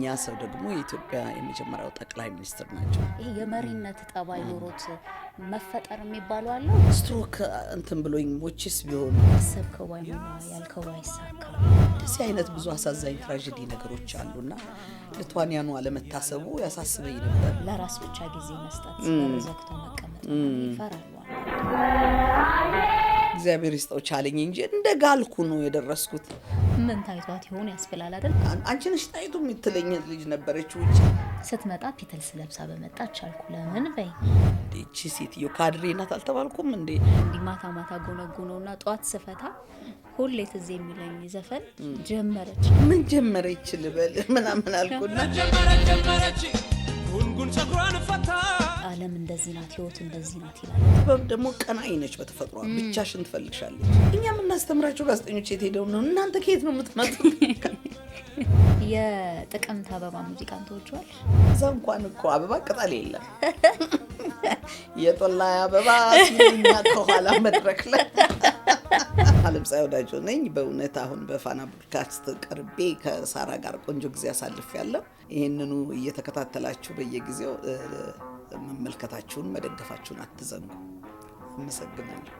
እኛ ሰው ደግሞ የኢትዮጵያ የመጀመሪያው ጠቅላይ ሚኒስትር ናቸው። ይህ የመሪነት ጠባይ ኖሮት መፈጠር የሚባለው አለ። ስትሮክ እንትን ብሎኝ ሞችስ ቢሆን ያሰብከው ያልከው አይሳካ። እንደዚህ አይነት ብዙ አሳዛኝ ትራጀዲ ነገሮች አሉና ልቷንያኑ አለመታሰቡ ያሳስበኝ ነበር። ለራስ ብቻ ጊዜ መስጠት፣ ዘግቶ መቀመጥ ይፈራሉ። እግዚአብሔር ይስጠው ቻለኝ እንጂ እንደ ጋልኩ ነው የደረስኩት። ምን ታይቷት ይሆን ያስብላል አይደል? አንቺ ነሽ ታይቱ የምትለኝ ልጅ ነበረች። ውጭ ስትመጣ ፒተልስ ለብሳ በመጣች አልኩ። ለምን በይ እቺ ሴትዮ ካድሬ ናት አልተባልኩም እንዴ? እንዲህ ማታ ማታ እና ጠዋት ስፈታ ሁሌ ትዝ የሚለኝ ዘፈን ጀመረች። ምን ጀመረች ልበል ምናምን አልኩና ጀመረች ዓለም እንደዚህ ናት፣ ህይወት እንደዚህ ናት ይላል። ጥበብ ደግሞ ቀናይ ነች በተፈጥሯ ብቻሽን ትፈልግሻለች። እኛ የምናስተምራቸው ጋዜጠኞች የት ሄደው ነው? እናንተ ከየት ነው የምትመጡት? የጥቅምት አበባ ሙዚቃን ተወጇል። እዛ እንኳን እኮ አበባ ቅጠል የለም የጦላ አበባ ከኋላ መድረክ ላይ አለም ፀሐይ ወዳጆ ነኝ። በእውነት አሁን በፋና ብሮድካስት ቀርቤ ከሳራ ጋር ቆንጆ ጊዜ አሳልፍ ያለው ይህንኑ እየተከታተላችሁ በየጊዜው መመልከታችሁን መደገፋችሁን አትዘንጉ። አመሰግናለሁ።